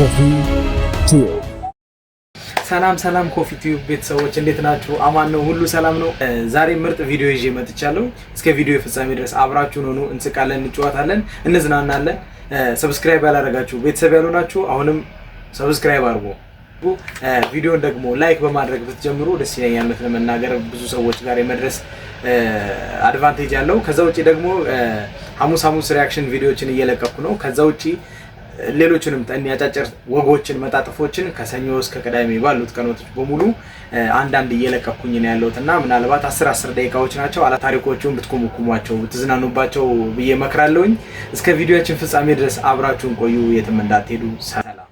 ኮፊ ቲዩብ። ሰላም ሰላም ኮፊ ቲዩብ ቤተሰቦች እንዴት ናችሁ? አማን ነው፣ ሁሉ ሰላም ነው። ዛሬ ምርጥ ቪዲዮ ይዤ መጥቻለሁ። እስከ ቪዲዮ ፍጻሜ ድረስ አብራችሁን ሆኑ። እንስቃለን፣ እንጫወታለን እንዝናናለን። ሰብስክራይብ ያላረጋችሁ ቤተሰብ ያሉ ናችሁ፣ አሁንም ሰብስክራይብ አድርጎ ቪዲዮን ደግሞ ላይክ በማድረግ ብትጀምሩ ደስ ይለኛል። ለመናገር ብዙ ሰዎች ጋር የመድረስ አድቫንቴጅ አለው። ከዛ ውጭ ደግሞ ሐሙስ ሐሙስ ሪያክሽን ቪዲዮችን እየለቀኩ ነው። ከዛ ውጭ ሌሎችንም ጠን ያጫጭር ወጎችን መጣጥፎችን ከሰኞ እስከ ቅዳሜ ባሉት ቀኖቶች በሙሉ አንዳንድ እየለቀኩኝ ነው ያለሁት እና ምናልባት አስር አስር ደቂቃዎች ናቸው። አላ ታሪኮቹን ብትኮመኩሟቸው ብትዝናኑባቸው ብዬ መክራለሁኝ። እስከ ቪዲዮችን ፍጻሜ ድረስ አብራችሁን ቆዩ፣ የትም እንዳትሄዱ። ሰላም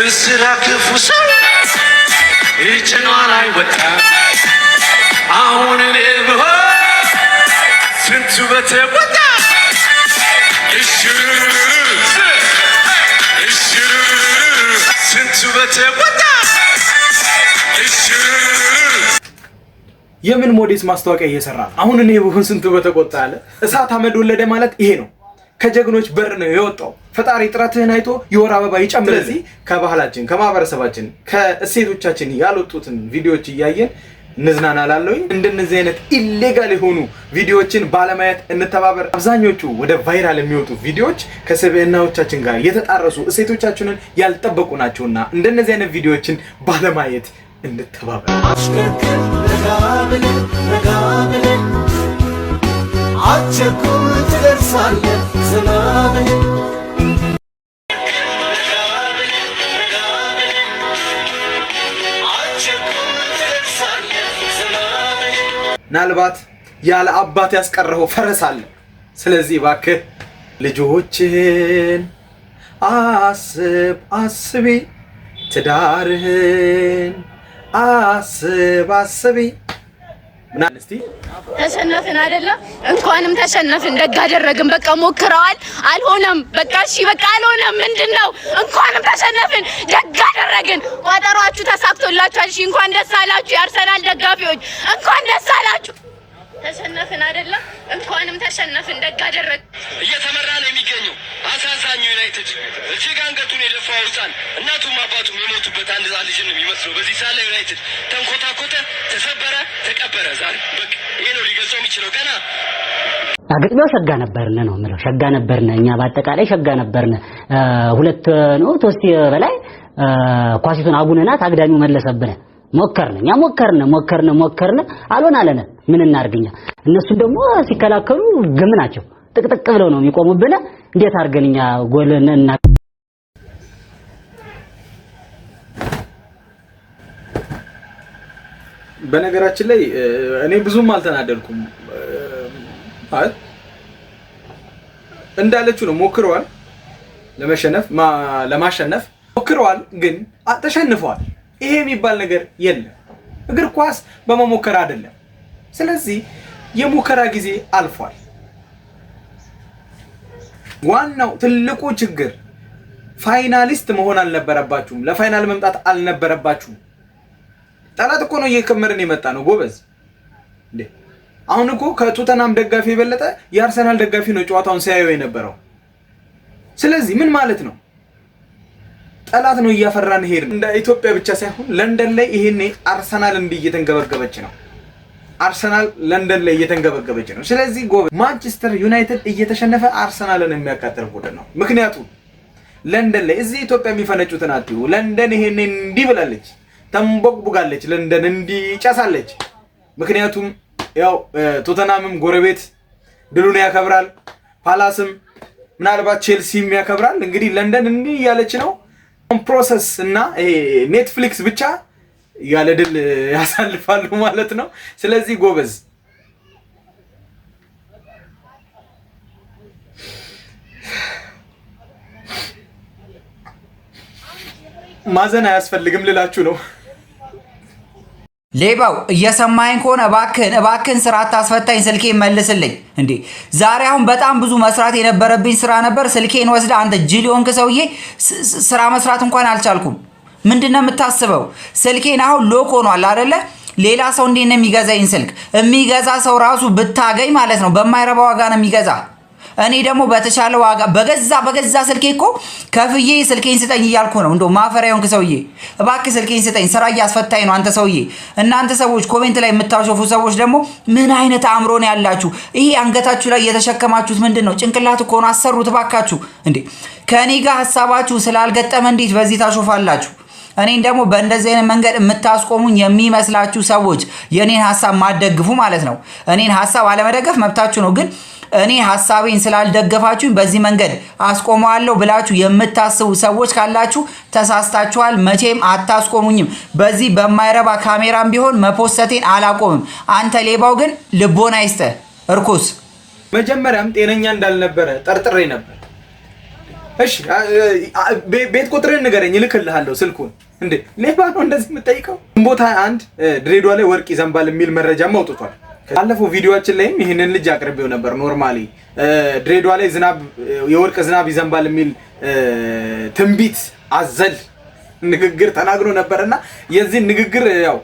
እንስራ ክፉ ሰው ይጭኗ ላይ ወጣ አሁን እኔ ብሆን ስንቱ በተወጣ የምን ሞዴስ ማስታወቂያ እየሰራ አሁን እኔ ብሆን ስንት በተቆጣ አለ። እሳት አመድ ወለደ ማለት ይሄ ነው። ከጀግኖች በር ነው የወጣው። ፈጣሪ ጥረትህን አይቶ የወር አበባ ይጨምር። ስለዚህ ከባህላችን፣ ከማህበረሰባችን፣ ከእሴቶቻችን ያልወጡትን ቪዲዮዎች እያየን እንዝናና ላለሁኝ እንደነዚህ አይነት ኢሌጋል የሆኑ ቪዲዮዎችን ባለማየት እንተባበር። አብዛኞቹ ወደ ቫይራል የሚወጡ ቪዲዮዎች ከስብዕናዎቻችን ጋር የተጣረሱ እሴቶቻችንን ያልጠበቁ ናቸውና እንደነዚህ አይነት ቪዲዮዎችን ባለማየት እንተባበር። አሽከርክር ረጋ ረጋ ምናልባት ያለ አባት ያስቀረኸው ፈረስ አለ። ስለዚህ እባክህ ልጆችን አስብ አስቢ፣ ትዳርህን አስብ አስቢ ተሸነፍን አይደለም፣ እንኳንም ተሸነፍን። ደግ አደረግን። በቃ ሞክረዋል፣ አልሆነም። በቃ እሺ፣ በቃ አልሆነም። ምንድን ነው? እንኳንም ተሸነፍን፣ ደግ አደረግን። ቋጠሯችሁ ተሳክቶላችኋል። እሺ፣ እንኳን ደስ አላችሁ የአርሰናል ደጋፊዎች፣ እንኳን ደስ አላችሁ። ተሸነፍን አይደለም፣ እንኳንም ተሸነፍን፣ ደግ አደረግን። እየተመራ ነው የሚገኘው አሳዛኙ ዩናይትድ እጅግ አንገቱን የደፋ ። ህፃን ልጅ ነው የሚመስለው። በዚህ ሰዓት ላይ ዩናይትድ ተንኮታኮተ፣ ተሰበረ፣ ተቀበረ። ዛሬ በቃ ይሄ ነው ሊገልጸው የሚችለው ገና አግጥሚያው ሸጋ ነበርነ ነው የምለው። ሸጋ ነበርነ እኛ በአጠቃላይ ሸጋ ነበርነ። ሁለት ነው ቶስቲ በላይ ኳሲቱን አጉነናት አግዳሚው መለሰብነ። ሞከርነ እኛ ሞከርነ ሞከርነ ሞከርነ አልሆን አለነ። ምን እናርግኛ? እነሱ ደግሞ ሲከላከሉ ግም ናቸው። ጥቅጥቅ ብለው ነው የሚቆሙብነ። እንዴት አድርገን እኛ ጎል እና በነገራችን ላይ እኔ ብዙም አልተናደድኩም። እንዳለችው ነው ሞክረዋል፣ ለመሸነፍ ለማሸነፍ ሞክረዋል፣ ግን ተሸንፈዋል። ይሄ የሚባል ነገር የለም። እግር ኳስ በመሞከር አይደለም። ስለዚህ የሙከራ ጊዜ አልፏል። ዋናው ትልቁ ችግር ፋይናሊስት መሆን አልነበረባችሁም። ለፋይናል መምጣት አልነበረባችሁም። ጠላት እኮ ነው እየከመረን የመጣ ነው ጎበዝ። አሁን እኮ ከቶተናም ደጋፊ የበለጠ የአርሰናል ደጋፊ ነው ጨዋታውን ሲያየው የነበረው። ስለዚህ ምን ማለት ነው? ጠላት ነው እያፈራን ሄድ እንደ ኢትዮጵያ ብቻ ሳይሆን ለንደን ላይ ይሄኔ አርሰናል እንዲህ እየተንገበገበች ነው። አርሰናል ለንደን ላይ እየተንገበገበች ነው። ስለዚህ ጎበዝ ማንቸስተር ዩናይትድ እየተሸነፈ አርሰናልን የሚያቃጥል ቡድን ነው። ምክንያቱም ለንደን ላይ እዚህ ኢትዮጵያ የሚፈነጩትን አትዩ። ለንደን ይሄኔ እንዲህ ብላለች። ተንቦግቡጋለች፣ ለንደን እንዲጨሳለች። ምክንያቱም ያው ቶተናምም ጎረቤት ድሉን ያከብራል፣ ፓላስም ምናልባት ቼልሲም ያከብራል። እንግዲህ ለንደን እንዲህ እያለች ነው። ፕሮሰስ እና ኔትፍሊክስ ብቻ ያለ ድል ያሳልፋሉ ማለት ነው። ስለዚህ ጎበዝ ማዘን አያስፈልግም ልላችሁ ነው። ሌባው እየሰማኝ ከሆነ እባክህን እባክህን ስራ አታስፈታኝ፣ ስልኬን መልስልኝ። እንዴ ዛሬ አሁን በጣም ብዙ መስራት የነበረብኝ ስራ ነበር። ስልኬን ወስደ አንተ ጅሊዮንክ ሰውዬ፣ ስራ መስራት እንኳን አልቻልኩም። ምንድን ነው የምታስበው? ስልኬን አሁን ሎክ ሆኗል አይደለ? ሌላ ሰው እንዴ ነው የሚገዛኝ ስልክ? የሚገዛ ሰው ራሱ ብታገኝ ማለት ነው፣ በማይረባ ዋጋ ነው የሚገዛ እኔ ደግሞ በተሻለ ዋጋ በገዛ በገዛ ስልኬ እኮ ከፍዬ ስልኬን ስጠኝ እያልኩ ነው። እንደው ማፈሪያ የሆንክ ሰውዬ እባክህ ስልኬን ስጠኝ፣ ስራ እያስፈታኝ ነው አንተ ሰውዬ። እናንተ ሰዎች ኮሜንት ላይ የምታሾፉ ሰዎች ደግሞ ምን አይነት አእምሮ ነው ያላችሁ? ይሄ አንገታችሁ ላይ የተሸከማችሁት ምንድን ነው? ጭንቅላት እኮ ነው። አሰሩት እባካችሁ። እንዴ ከእኔ ጋር ሀሳባችሁ ስላልገጠመ እንዴት በዚህ ታሾፋላችሁ? እኔን ደግሞ በእንደዚህ አይነት መንገድ የምታስቆሙኝ የሚመስላችሁ ሰዎች የእኔን ሀሳብ ማደግፉ ማለት ነው። እኔን ሀሳብ አለመደገፍ መብታችሁ ነው ግን እኔ ሀሳቤን ስላልደገፋችሁኝ በዚህ መንገድ አስቆመዋለሁ ብላችሁ የምታስቡ ሰዎች ካላችሁ ተሳስታችኋል። መቼም አታስቆሙኝም። በዚህ በማይረባ ካሜራም ቢሆን መፖሰቴን አላቆምም። አንተ ሌባው ግን ልቦና ይስጠ እርኩስ። መጀመሪያም ጤነኛ እንዳልነበረ ጠርጥሬ ነበር። እሺ ቤት ቁጥርን ንገረኝ፣ እልክልሃለሁ ስልኩን። እንዴ ሌባ ነው እንደዚህ የምጠይቀው? ግንቦት አንድ ድሬዳዋ ላይ ወርቅ ይዘንባል የሚል መረጃም አውጥቷል። ካለፈው ቪዲዮችን ላይም ይህንን ልጅ አቅርቤው ነበር። ኖርማሊ ድሬዳዋ ላይ ዝናብ የወርቅ ዝናብ ይዘንባል የሚል ትንቢት አዘል ንግግር ተናግሮ ነበር እና የዚህን ንግግር ያው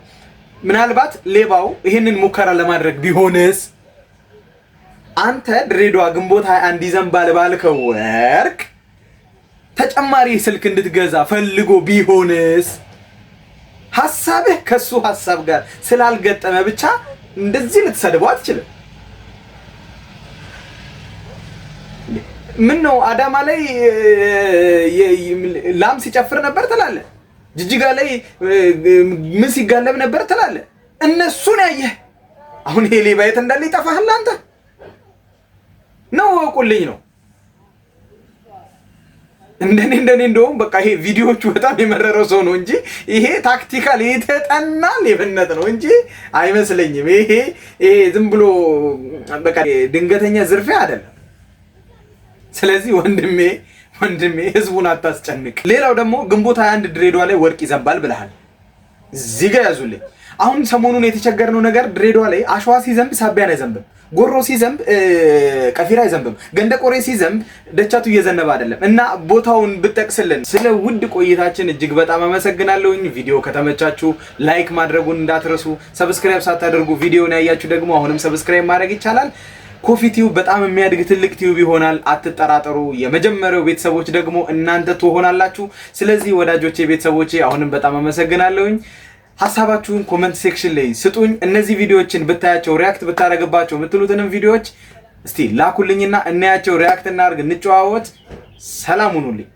ምናልባት ሌባው ይህንን ሙከራ ለማድረግ ቢሆንስ አንተ ድሬዳዋ ግንቦት ሃያ አንድ ይዘንባል ባልከው ወርቅ ተጨማሪ ስልክ እንድትገዛ ፈልጎ ቢሆንስ ሀሳብህ ከሱ ሀሳብ ጋር ስላልገጠመ ብቻ እንደዚህ ልትሰድበው አትችልም። ምን ነው አዳማ ላይ ላም ሲጨፍር ነበር ትላለ፣ ጅጅጋ ላይ ምን ሲጋለብ ነበር ትላለ። እነሱን ያየህ አሁን ይሄ ሌባ የት እንዳለ ይጠፋህል። አንተ ነው እወቁልኝ ነው እንደኔ እንደኔ እንደውም በቃ ይሄ ቪዲዮዎቹ በጣም የመረረው ሰው ነው እንጂ ይሄ ታክቲካል የተጠና ሌብነት ነው እንጂ አይመስለኝም። ይሄ ይሄ ዝም ብሎ በቃ ድንገተኛ ዝርፊያ አይደለም። ስለዚህ ወንድሜ ወንድሜ ህዝቡን አታስጨንቅ። ሌላው ደግሞ ግንቦት 21 ድሬዳዋ ላይ ወርቅ ይዘንባል ብለሃል። እዚህ ጋ ያዙልኝ። አሁን ሰሞኑን የተቸገርነው ነገር ድሬዳዋ ላይ አሸዋ ሲዘንብ ሳቢያን አይዘንብም። ጎሮ ሲዘንብ ቀፊራ አይዘንብም። ገንደ ቆሬ ሲዘንብ ደቻቱ እየዘነበ አይደለም። እና ቦታውን ብጠቅስልን። ስለ ውድ ቆይታችን እጅግ በጣም አመሰግናለሁኝ። ቪዲዮ ከተመቻችሁ ላይክ ማድረጉን እንዳትረሱ። ሰብስክራይብ ሳታደርጉ ቪዲዮን ያያችሁ ደግሞ አሁንም ሰብስክራይብ ማድረግ ይቻላል። ኮፊ ቲዩብ በጣም የሚያድግ ትልቅ ቲዩብ ይሆናል፣ አትጠራጠሩ። የመጀመሪያው ቤተሰቦች ደግሞ እናንተ ትሆናላችሁ። ስለዚህ ወዳጆቼ፣ ቤተሰቦቼ አሁንም በጣም አመሰግናለሁኝ። ሀሳባችሁን ኮመንት ሴክሽን ላይ ስጡኝ። እነዚህ ቪዲዮዎችን ብታያቸው ሪያክት ብታደረግባቸው የምትሉትንም ቪዲዮዎች እስቲ ላኩልኝና እናያቸው፣ ሪያክት እናድርግ፣ እንጨዋወት። ሰላም ሁኑልኝ።